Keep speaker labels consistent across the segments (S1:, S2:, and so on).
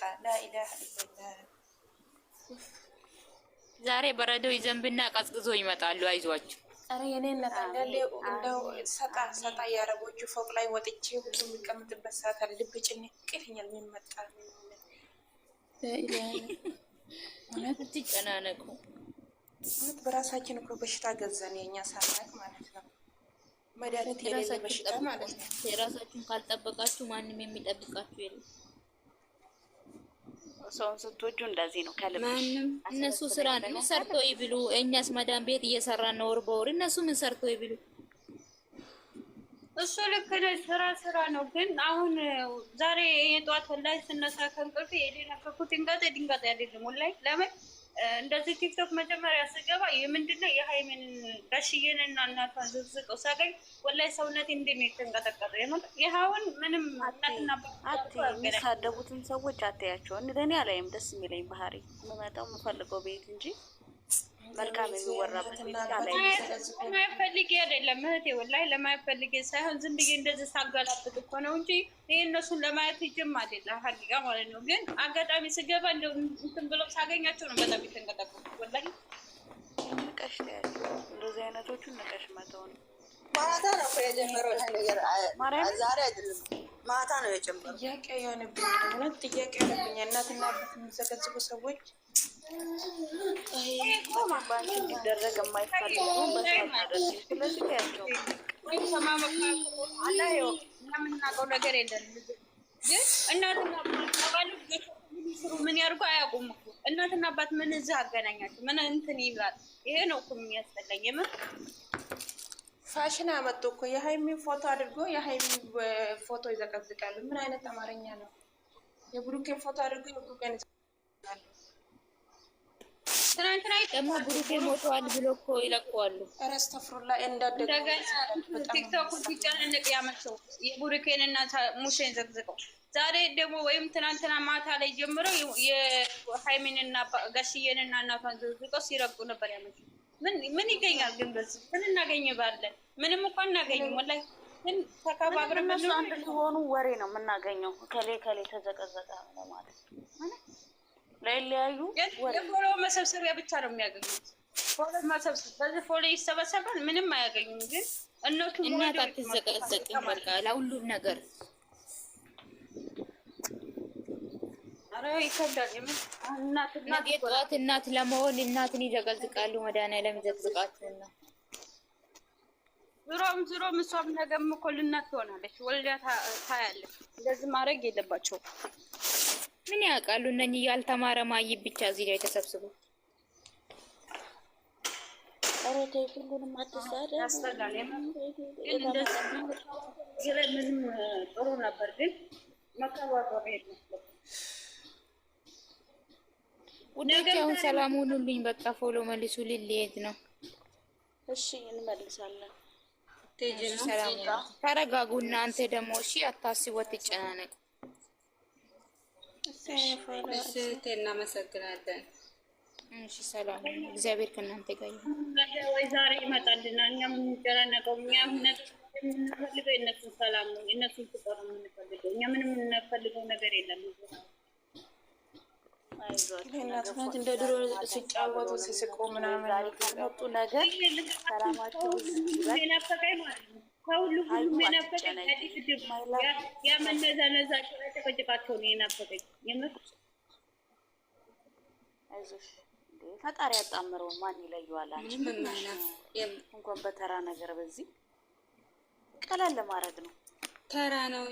S1: ይወጣ። ላኢላህ
S2: ዛሬ በረዶ ይዘንብና ቀዝቅዞ ይመጣሉ። አይዟችሁ።
S1: ኧረ የኔ እናት አንዳንዴ እንደው ሰጣ ሰጣ የአረቦቹ ፎቅ ላይ ወጥቼ ሁሉ የሚቀምጥበት ሰዓት አለ። ልብ ጭንቅ ይለኛል። የሚመጣ
S2: ትጨናነቁ
S1: በራሳችን እኮ በሽታ ገዛን የእኛ ሳናቅ ማለት ነው። መድኃኒት የሌለ በሽታ ማለት
S2: ነው። የራሳችሁን ካልጠበቃችሁ ማንም የሚጠብቃችሁ የለም።
S3: ሰውን ስትወጁ እንደዚህ ነው ከልብ። ማንም
S2: እነሱ ስራ ነው ሰርቶ ይብሉ፣ እኛስ መዳም ቤት እየሰራን ነው ወር በወር። እነሱ ምን ሰርቶ ይብሉ?
S1: እሱ ልክ ነው። ስራ ስራ ነው። ግን አሁን ዛሬ የጠዋት ላይ ስነሳ ከእንቅልፍ የደነከኩት ድንጋጤ ድንጋጤ አይደለም ላይ ለምን እንደዚህ ቲክቶክ መጀመሪያ ስገባ የምንድነው የሀይሜን ጋሽዬንና እናቷን ዝብዝቀው ሳገኝ ወላይ ሰውነት እንዲ የተንቀጠቀጠ ይሀውን ምንም
S2: እናትና የሚሳደቡትን ሰዎች አታያቸውን ለእኔ አላይም። ደስ የሚለኝ ባህሪ የምመጣው የምፈልገው ቤት እንጂ መልካም የሚወራበት
S1: ለማይፈልጌ አይደለም እህቴ፣ ወላሂ ለማይፈልጌ ሳይሆን ዝም ብዬ እንደዚህ ሳጋላብጥ እኮ ነው እንጂ ይህ እነሱን ለማየት ይጅም አይደለም ሀቂቃ ማለት ነው። ግን አጋጣሚ ስገባ እንደው እንትን ብለው ሳገኛቸው ነው በጣም የተንቀጠቀጥኩት ወላሂ። ንቀሽ ያለ እንደዚህ አይነቶቹ ንቀሽ መተው ነው። ማታ ነው የጀመረው ነገር፣ ዛሬ አይደለም ማታ ነው የጀመረው። ጥያቄ የሆነብኝ እውነት ጥያቄ የሆነብኝ እናትና አባት የሚዘገዝቡ ሰዎች እንዲደረግ የማይፈልጉ ነገር የለንም። ግን እናትና ምን ያድርጉ አያውቁም እናትና አባት ምን እዚህ አገናኛቸው ምን እንትን ይላል። ይሄ ነው እኮ የሚያስጠላኝ። የምን ፋሽን አመጡ እኮ የሀይሚን ፎቶ አድርጎ የሀይሚን ፎቶ ይዘቀዝቃሉ። ምን አይነት አማርኛ ነው? የብሩኬን ፎቶ አድርጎ የብሩኬን ይዘቀዝቃሉ። ትናንትና ደግሞ ብሩኬ ሞተዋል ብሎ እኮ ይለቀዋሉ። ረስተፍሩላ ቲክቶክ ሲጨናነቅ ያመቸው እና ሙሴን ዘቅዝቀው ዛሬ ደግሞ ወይም ትናንትና ማታ ላይ ጀምረው የሃይሜንና ጋሽዬንና እናቷን ዘቅዝቀው ሲረቁ ነበር ያመቸው። ምን ይገኛል ግን በዚህ ምን እናገኝ ባለን ምንም እኳ እናገኝ ወላሂ ግን ተከባብረ እነሱ ወሬ ነው የምናገኘው። ከሌ ከሌ ተዘቀዘቀ ለማለት ነው ላይለያዩ የፎሎ መሰብሰቢያ ብቻ ነው የሚያገኙት። ፎሎ መሰብሰብ በዚህ ፎሎ ይሰበሰባል፣ ምንም አያገኙም። ግን እነቱ እናት አትዘቀዘቅም፣ በቃ ለሁሉም ነገር ኧረ ይከብዳል። እናት የጠዋት እናት ለመሆን እናትን ይዘቀዝቃሉ። መድኃኒዓለም ይዘቅዝቃችሁና ዙሮም ዙሮም እሷም ነገም እኮ ልናት ትሆናለች። ወልዳ ታያለች። እንደዚህ ማድረግ የለባቸውም። ምን ያውቃሉ እነኚህ ያልተማረ ማይብ ብቻ እዚህ ላይ ተሰብስቦ ጥሩ ነበር ግን ውዴቻውን ሰላም ሁኑልኝ። በቃ ፎሎ መልሱ ልልሄድ ነው። እሺ እንመልሳለን። ተረጋጉ እናንተ ደግሞ እሺ፣ አታስቡ፣ አትጨናነቁ። እህቴ እናመሰግናለን። እሺ ሰላም፣ እግዚአብሔር ከእናንተ ጋር ይሁን። ወይ ዛሬ ይመጣልናል። እኛ የምንጨናነቀው እኛ የምንፈልገው የእነሱን ሰላም ነው፣ የእነሱን ፍቅር ነው የምንፈልገው። እኛ ምንም የምንፈልገው ነገር የለም። ምክንያት እንደ ድሮ ሲጫወቱ ሲስቁ ምናምን ነገር ሰላማቸው ከሁሉ ሁሉም የናፈቀኝ ያመነዛነዛቸው ያጨቀጨቃቸው ነው የናፈቀኝ የምር አይዞሽ። ፈጣሪ ያጣምረው ማን ይለየዋል? አንቺ እንኳን በተራ ነገር በዚህ ቀላል ለማድረግ ነው። ተራ ነው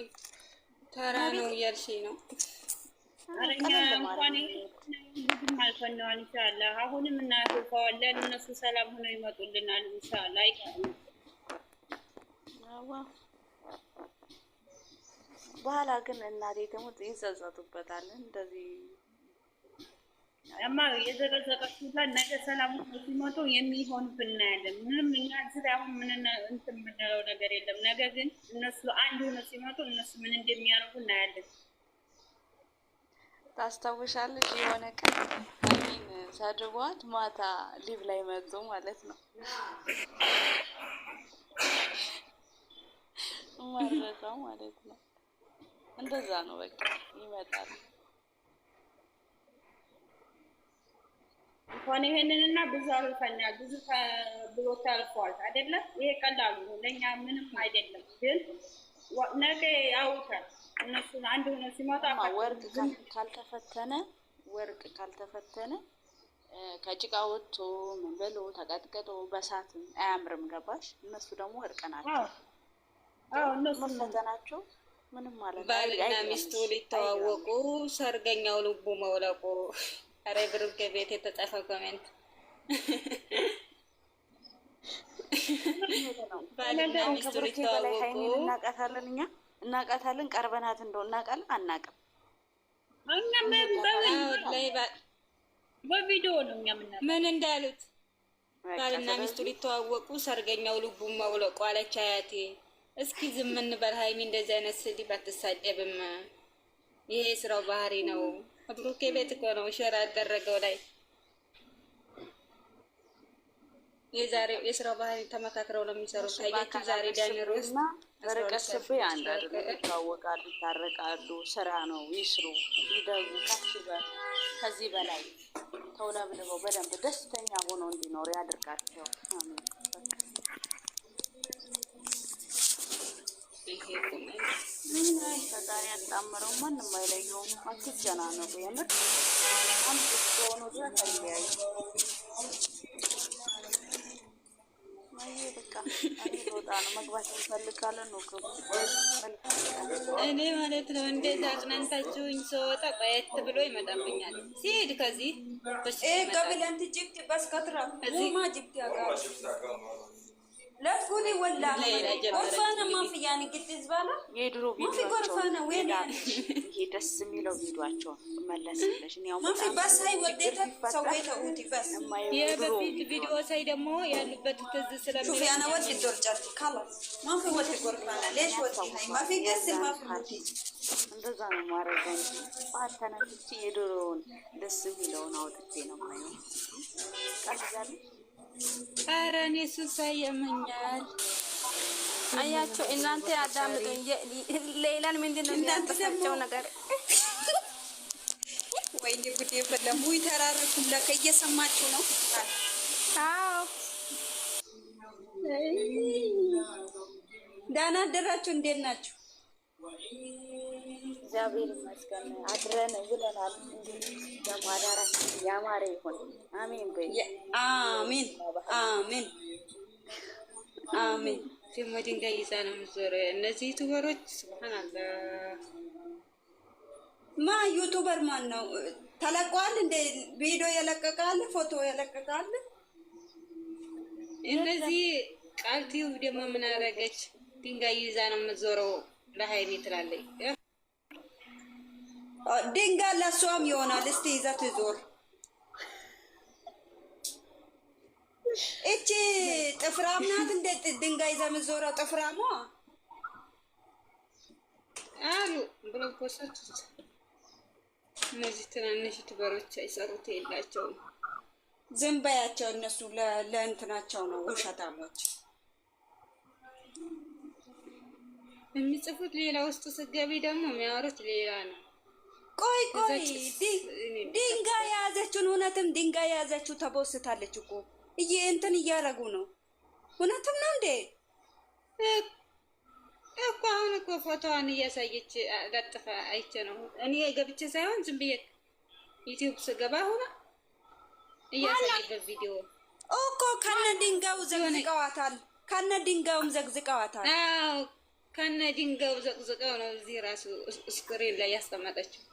S1: ተራ ነው እያልሽ ነው። አሁንም እናያለን። እነሱ ሰላም ሆነው ይመጡልናል ኢንሻላህ። አይቀርም በኋላ ግን እናቴ ደግሞ ይጸጸቱበታል። እንደዚህ እማ የዘቀዘቀችው ጋር ነገ ሰላም ሲመጡ የሚሆንብን እናያለን። ምንም እኛ እዚህ አሁን ምን እንትን የምንለው ነገር የለም። ነገ ግን እነሱ አንድ ሆነ ሲመጡ እነሱ ምን እንደሚያደርጉ እናያለን። ታስታውሻለች የሆነ ቀን እኔን ሰድቧት ማታ ሊቭ ላይ መጡ ማለት ነው። ማረሳው ማለት ነው። እንደዛ ነው በቃ ይመጣል። እንኳን ይሄንንና ብዙ አልፈና ብዙ ብሎ ታልፏል አይደለም። ይሄ ቀላሉ ነው ለእኛ ምንም አይደለም፣ ግን ነገ ያውታል። እነሱ አንድ ሆነ ሲመጣ ወርቅ ካልተፈተነ ወርቅ ካልተፈተነ ከጭቃ ወጥቶ ምን ብሎ ተቀጥቅጦ በሳትም አያምርም። ገባሽ? እነሱ ደግሞ ወርቅ ናቸው። መፈተናቸው ምንም ማለት ባልና ሚስቱ ሊተዋወቁ ሰርገኛው ልቡ መውለቁ። ኧረ ብሩክ ቤት የተጻፈ ኮሜንት ባልና ሚስቱ ሊተዋወቁ እናቃታለን፣ እኛ እናቃታለን፣ ቀርበናት እንደው እናቃለን፣ አናቅም በቪዲዮ ነው ምን እንዳሉት ባልና ሚስቱ ሊተዋወቁ ሰርገኛው ልቡ መውለቁ አለች አያቴ እስኪ ዝም እንበል ሀይሚ፣ እንደዚህ አይነት ስድብ ባትሳደብም፣ ይሄ ስራው ባህሪ ነው። ብሩኬ ቤት እኮ ነው ሸራ ያደረገው ላይ የዛሬው የስራው ባህሪ ተመካክረው ነው የሚሰሩት። ታያችሁ ዛሬ ዳኒሮ ርቀት ስብ አንድ አይደለም። ይታወቃሉ፣ ይታረቃሉ። ስራ ነው። ይስሩ፣ ይደጉ። ከዚህ በላይ ተውለብልበው በደንብ ደስተኛ ሆኖ እንዲኖር ያድርጋቸው። የተጣመረው ማንም አይለየውም። አትጨናነቁ። የምር አንድ እስከሆኑ ድረስ አይለያዩ። እኔ ነው። ማለት ነው እንዴት አጽናንታችሁኝ ስወጣ ቆየት ብሎ ይመጣብኛል። ሲሄድ ከዚህ ለጉኒ ወላ ወፋነ ማፊ ያን ግድዝ ባላ የድሮ ማፊ ጎርፋነ ወላ ይሄ ደስ የሚለው ቪዲዮአቸው መለስልሽ እኔ ያው ማፊ በስ አይ ሰው ቤተ ኡቲ በስ የበፊት ቪዲዮ ሳይ ደግሞ ያሉበት ትዝ ስለሚል ሹፍ ያና ወጥ ይደርጫል ካላስ ማፊ ወት ጎርፋነ ለሽ ወት አይ ማፊ ገስ ማፍ ማፊ እንደዛ ነው ማረገ እንጂ ባታነፍቺ የድሮውን ደስ የሚለውን አውጥቼ ነው ማየው ቀልዛለሽ ኧረ እኔ ስሳ ያመኛል። አያችሁ እናንተ አዳምጡኝ። ሌላን ምንድን ነው የሚያበሳቸው ነገር? ወይኔ ጉዴ በለሙ ይተራረኩላ። እየሰማችሁ ነው? አዎ ደህና አደራችሁ። እንዴት ናችሁ? እግዚአብሔር ይመስገን አድረን ውለናል። እንግዲህ ደግሞ አዳራችን ያማረ ይሁን። አሜን በይ። አሜን አሜን አሜን። ደግሞ ድንጋይ ይዛ ነው የምትዞረው። እነዚህ ዩቱበሮች ስብሃናላ። ማ ዩቱበር ማን ነው? ተለቋል እንደ ቪዲዮ የለቀቃል፣ ፎቶ የለቀቃል። እነዚህ ቃልቲው ደግሞ ምን አደረገች? ድንጋይ ይዛ ነው የምትዞረው ለሀይሚ ትላለች ድንጋ ለእሷም ይሆናል። እስቲ ይዘት ዞር እቺ ጥፍራም ናት። እንዴት ድንጋ ይዘህ የምትዞረው? ጥፍራማ አሉ ብለው ፖስቶች እነዚህ ትናንሽ ትበሮች አይሰሩት የላቸውም። ዝም በያቸው። እነሱ ለእንትናቸው ነው ውሸታሞች የሚጽፉት ሌላ፣ ውስጥ ስገቢ ደግሞ የሚያወሩት ሌላ ነው። ቆይ ቆይ ድንጋይ የያዘችውን እውነትም ድንጋይ የያዘችው ተቦስታለች እኮ እየ እንትን እያረጉ ነው። እውነትም ነው እንዴ እኮ አሁን እኮ ፎቶዋን እያሳየች ለጥፈ አይቼ ነው እኔ ገብቼ ሳይሆን ዝም ብዬ ዩቲዩብ ስገባ ሆና እያሳየበት ቪዲዮ እኮ ከነ ድንጋዩ ዘግዝቀዋታል። ከነ ድንጋዩም ዘግዝቀዋታል። ከነ ድንጋዩ ዘቅዝቀው ነው እዚህ ራሱ ስክሪን ላይ ያስቀመጠችው።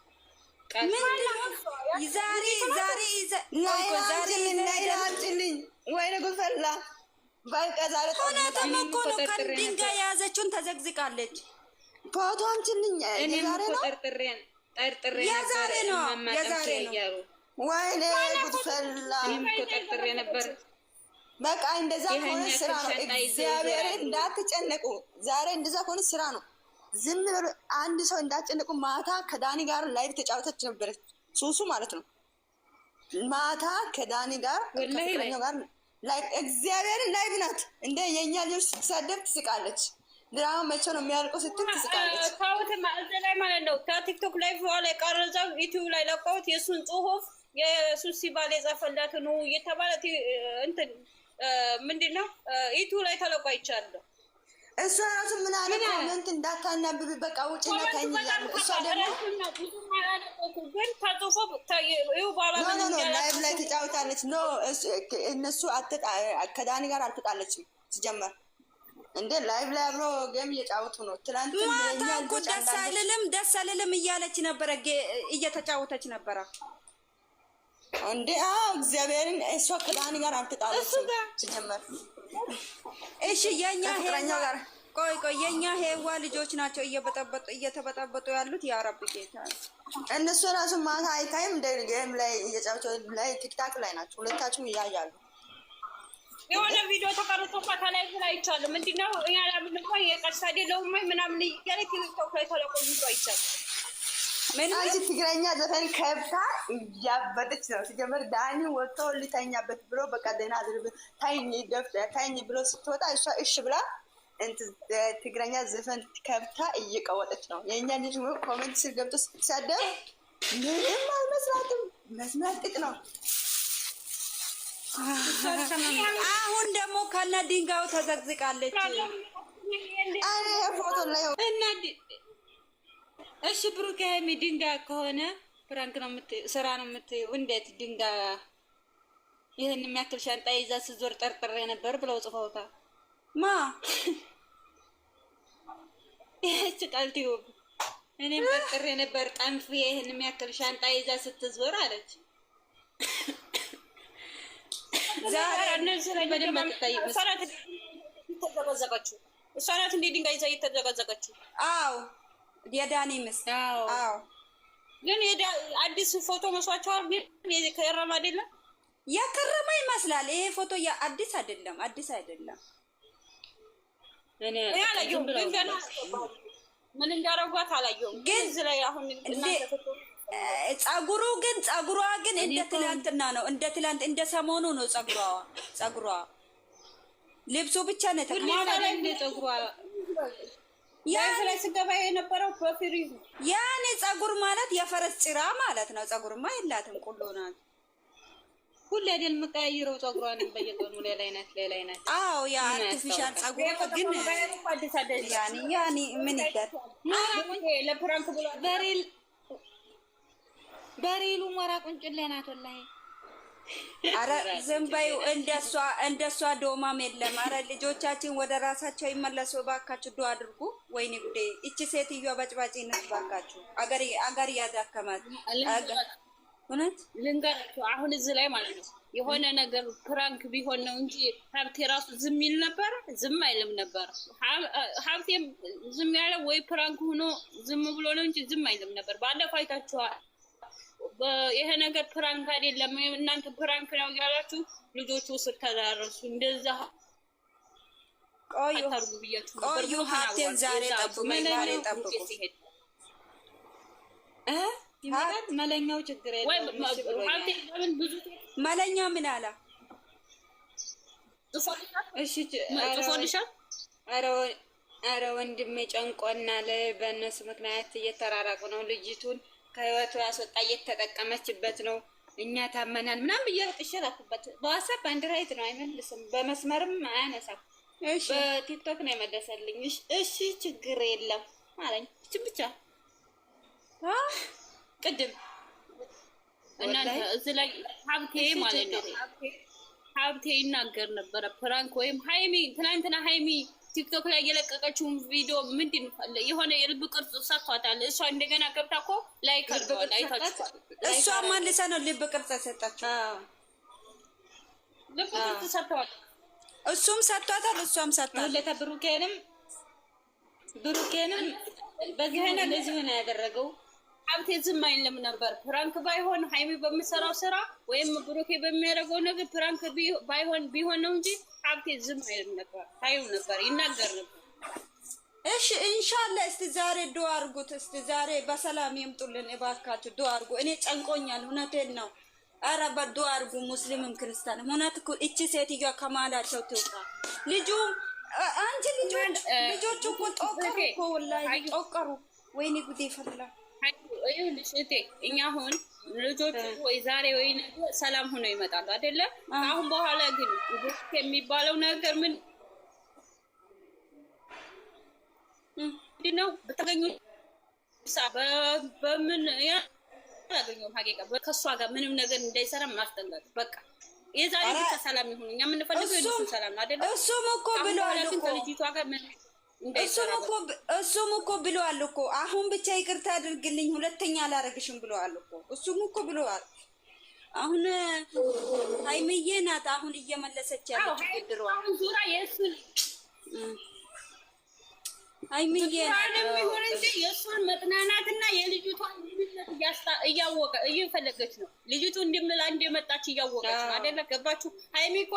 S1: ዛሬዛሬዛሬዛሬናይዳልጭልኝ ወይነ ጉፈላ በቃ ዛሬ ነው። ከድንጋይ የዛሬ ነው የዛሬ ነው። ወይኔ ጠርጥሬ ነበር። በቃ እንደዛ ከሆነ ስራ ነው። እግዚአብሔር እንዳትጨነቁ። ዛሬ እንደዛ ከሆነ ስራ ነው። ዝም ብሎ አንድ ሰው እንዳጨንቁ ማታ ከዳኒ ጋር ላይቭ ተጫወተች ነበረ ሱሱ ማለት ነው። ማታ ከዳኒ ጋር ጋር እግዚአብሔር ላይቭ ናት። እንደ የእኛ ልጆች ስትሳደብ ትስቃለች። ድራማ መቼ ነው የሚያልቀው ስትል ትስቃለች። ታውት ላይ ማለት ነው። ከቲክቶክ ላይ በኋላ የቀረጸው ዩቲዩብ ላይ ለቀውት የእሱን ጽሁፍ የሱስ ሲባል የጻፈላት ነው እየተባለ እንትን ምንድን ነው ላይ ተለቋ ይቻለሁ እሷ ራሱ ምን አለ ኮመንት እንዳታናብብ በቃ ውጭ ነካኝ እያሉ እሷ ደግሞ ላይቭ ላይ ተጫውታለች። ኖ እነሱ ከዳኒ ጋር አልተጣለችም ሲጀመር እንደ ላይቭ ላይ አብሮ ጌም እየጫወቱ ነው። ትናንት ማታ እኮ ደስ አልልም ደስ አልልም እያለች ነበረ፣ እየተጫወተች ነበረ እንዴ አዎ፣ እግዚአብሔርን እሷ ከዳኒ ጋር አልተጣለች ሲጀመር። እሺ የኛ ሄኛ ጋር ቆይ ቆይ፣ የኛ ሄዋ ልጆች ናቸው እየበጠበጡ እየተበጠበጡ ያሉት። ያ ረብ ጌታ፣ እነሱ ራሱ ማታ አይታይም እንደ ጌም ላይ እየጫወቱ ላይ ቲክታክ ላይ ናቸው ሁለታችሁም እያያሉ የሆነ ቪዲዮ ተቀርጾ ከተላይ ላይ አይቻልም። ምንድነው እኛ ላምን እንኳን የቀሳ ደለውማ ምናምን እያለ ቲክቶክ ላይ ተለቆ ቪዲዮ አይቻልም አንቺ ትግረኛ ዘፈን ከብታ እያበጠች ነው። ሲጀመር ዳኒ ወጥቶ ልተኛበት ብሎ በቃ ደህና አድርብ ደፍ ታኝ ብሎ ስትወጣ እሷ እሽ ብላ ትግረኛ ዘፈን ከብታ እየቀወጠች ነው። የእኛ ልጅ ኮመንት ስር ገብቶ ስትሳደብ ምንም አልመስራትም፣ መስማት ጥጥ ነው። አሁን ደግሞ ከነ ድንጋዩ ተዘግዝቃለች። ፎቶ ላይ እሺ ብሩክ ሀይሚ ድንጋ ከሆነ ፍራንክ ነው ምት ስራ ነው ምት እንዴት ድንጋ ይህን የሚያክል ሻንጣ ይዛ ስዞር ጠርጥር ነበር ብለው ጽፈውታ ማ ይህች ቃል እኔ መጥር የነበር ነበር ጠንፌ ይህን የሚያክል ሻንጣ ይዛ ስትዞር አለች። ዛሬ እሷ ናት እንደ ድንጋይ ይዛ እየተዘጋዘቀችው። አዎ የዳኒ ምስል ግን አዲሱ ፎቶ መስዋቸዋል። ግን የከረመ አይደለም፣ የከረመ ይመስላል። ይሄ ፎቶ አዲስ አይደለም፣ አዲስ አይደለም። ምን እንዳረጓት አላየሁም። ግን ጸጉሩ ግን ጸጉሯ ግን እንደ ትላንትና ነው፣ እንደ ትላንት እንደ ሰሞኑ ነው ጸጉሯ ጸጉሯ ልብሱ ብቻ ነው ተቀማለ ያኔ ላይ ስገባ የነበረው በፍሪዝ ያኔ ጸጉር ማለት የፈረስ ጭራ ማለት ነው። ጸጉርማ የላትም ቁሎ ናት። ሁሌ አይደል የምቀያይረው ጸጉሯን በየቀኑ ሌላ አይነት ሌላ አይነት። አዎ ያ አርቲፊሻል ጸጉር ግን ያኔ ያኔ ምን ይደር ለፕራንክ ብሎ በሪል በሪሉ ሞራ ቁንጭሌ ናት አረ ዝም እንደሷ እንደሷ ዶማም የለም። አረ ልጆቻችን ወደ ራሳቸው ይመለሱ እባካችሁ፣ ዱአ አድርጉ። ወይኔ ጉዴ! እቺ ሴትዮዋ በጭባጭ ነት ባካችሁ፣ አገር አገር ያዳከማት እውነት ልንገራችሁ። አሁን እዚህ ላይ ማለት ነው የሆነ ነገር ፕራንክ ቢሆን ነው እንጂ ሀብቴ ራሱ ዝም ይል ነበር፣ ዝም አይልም ነበር። ሀብቴ ዝም ያለ ወይ ፕራንክ ሆኖ ዝም ብሎ ነው እንጂ ዝም አይልም ነበር። ባለፈው አይታችኋል። ይሄ ነገር ፕራንክ አይደለም እናንተ ፕራንክ ነው እያላችሁ ልጆቹ ስር ተዳረሱ እንደዛ አታርጉ ብያችሁ ነበር። ቆዩ ሀብቴን ዛሬ ጠብቁኝ፣ ዛሬ ጠብቁኝ መለኛው። ችግር የለም መለኛው ምን አላ አረ ወንድሜ ጨንቆናል። በእነሱ ምክንያት እየተራራቁ ነው። ልጅቱን ከህይወቱ ያስወጣ እየተጠቀመችበት ነው። እኛ ታመናል ምናምን እያልቅሽ ላኩበት። በዋትሳፕ አንድ ራይት ነው አይመልስም፣ በመስመርም አያነሳም። በቲክቶክ ነው የመለሰልኝ። እሺ ችግር የለም አለኝ። እችን ብቻ ቅድም እና እዚህ ላይ ሀብቴ ማለት ነው ሀብቴ ይናገር ነበረ። ፕራንክ ወይም ሀይሚ ትናንትና ሀይሚ ቲክቶክ ላይ የለቀቀችውን ቪዲዮ ምንድን የሆነ የልብ ቅርጽ ሰጥቷታል። እሷ እንደገና ገብታ እኮ ላይ እሷ ማልሳ ነው ልብ ቅርጽ ሰጣቸው። ልብ ቅርጽ ሰጥተዋል። እሱም ሰጥቷታል፣ እሷም ሰጥቷለታ። ብሩኬንም ብሩኬንም በዚህ አይነት ለዚህ ነው ያደረገው። ሀብቴ ዝም አይልም ነበር። ፕራንክ ባይሆን ሀይሚ በምሰራው ስራ ወይም ብሩኬ በሚያደርገው ነገር ፕራንክ ባይሆን ቢሆን ነው እንጂ ሀብቴ ዝም አይልም ነበር። ታዩ ነበር፣ ይናገር ነበር። እሺ ኢንሻአላ፣ እስቲ ዛሬ ዱአ አድርጉት። እስቲ ዛሬ በሰላም ይምጡልን እባካችሁ፣ ዱአ አድርጉ። እኔ ጨንቆኛል፣ እውነቴን ነው። አረ በዶ አርጉ ሙስሊምም ክርስቲያንም። እውነት እኮ እቺ ሴትዮዋ ከማላቸው ትውጣ። ልጁ አንቺ ልጁ ልጆቹ እኮ ጦቀሩ እኮ ወላሂ ጦቀሩ። ወይኔ ጉዴ ፈላ። ይኸውልሽ እቴ እኛ አሁን ልጆቹ ወይ ዛሬ ወይ ነገ ሰላም ሆኖ ይመጣሉ አይደለ አሁን በኋላ ግን የሚባለው ነገር ምን ምንድን ነው? በተገኙ በምን ያ አላገኘሁም። ሀቂቃ ከእሷ ጋር ምንም ነገር እንዳይሰራ ማስጠንቀቅ በቃ የዛሬ ብቻ ሰላም ይሁን። እኛ የምንፈልገው የእነሱን ሰላም ነው አይደለም። እሱም እኮ ብለዋል እኮ ከልጅቷ ጋር እሱም እኮ ብለዋል እኮ አሁን ብቻ ይቅርታ አድርግልኝ ሁለተኛ አላረግሽም ብለዋል እኮ እሱም እኮ ብለዋል። አሁን ሀይምዬ ናት አሁን እየመለሰች ያለችው ግድሯ ዙራ የእሱን ሆን እንጂ የእሱን መጥናናትና የልጅቷን እያወቀ እየፈለገች ነው። ልጅቱ እንዲምላ እንደመጣች እያወቀች ነው አይደለ? ገባችሁ? ሀይሚ እኮ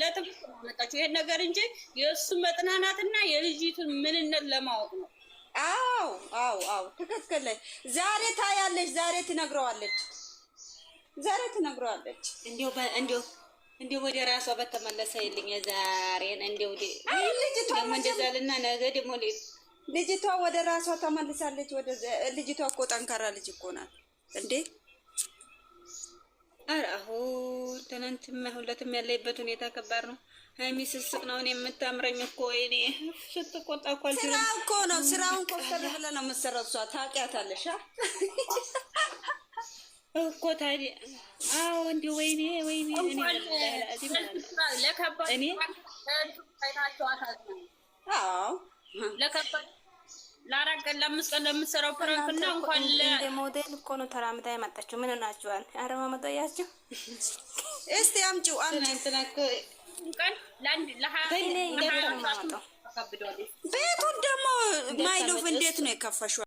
S1: ለትምህርት ነው መጣችሁ ይሄን ነገር እንጂ የእሱን መጥናናትና የልጅቱን ምንነት ለማወቅ ነው። አዎ፣ አዎ፣ አዎ፣ ትክክል ዛሬ ታያለች፣ ዛሬ ትነግረዋለች፣ ዛሬ ትነግረዋለች እንዲሁ እንዲሁ ወደ ራሷ በተመለሰልኝ የዛሬን እንዲ ደግሞ እንደዛ ልና ነገ ደግሞ ልጅቷ ወደ ራሷ ተመልሳለች። ወደ ልጅቷ እኮ ጠንካራ ልጅ እኮ ናት እንዴ! ኧረ አሁ ትናንትም ሁለትም ያለይበት ሁኔታ ከባድ ነው። ሀይሚ ስስቅ ነው የምታምረኝ እኮ ወይኔ ስትቆጣ እኮ ስራ እኮ ነው። ስራውን ኮስተር ብለ ነው የምትሰራው። እሷ ታውቂያታለሽ። እኮ ታዲያ አዎ፣ እንዲ ወይኔ ወይኔ ለአራት ቀን ለአምስት ቀን ለምትሰራው ፕራንክ እና እንኳን ሞዴል እኮ ነው ተራምዳ የመጣችው። ምን ናችኋል? ቤቱን ደግሞ ማይሎፍ እንዴት ነው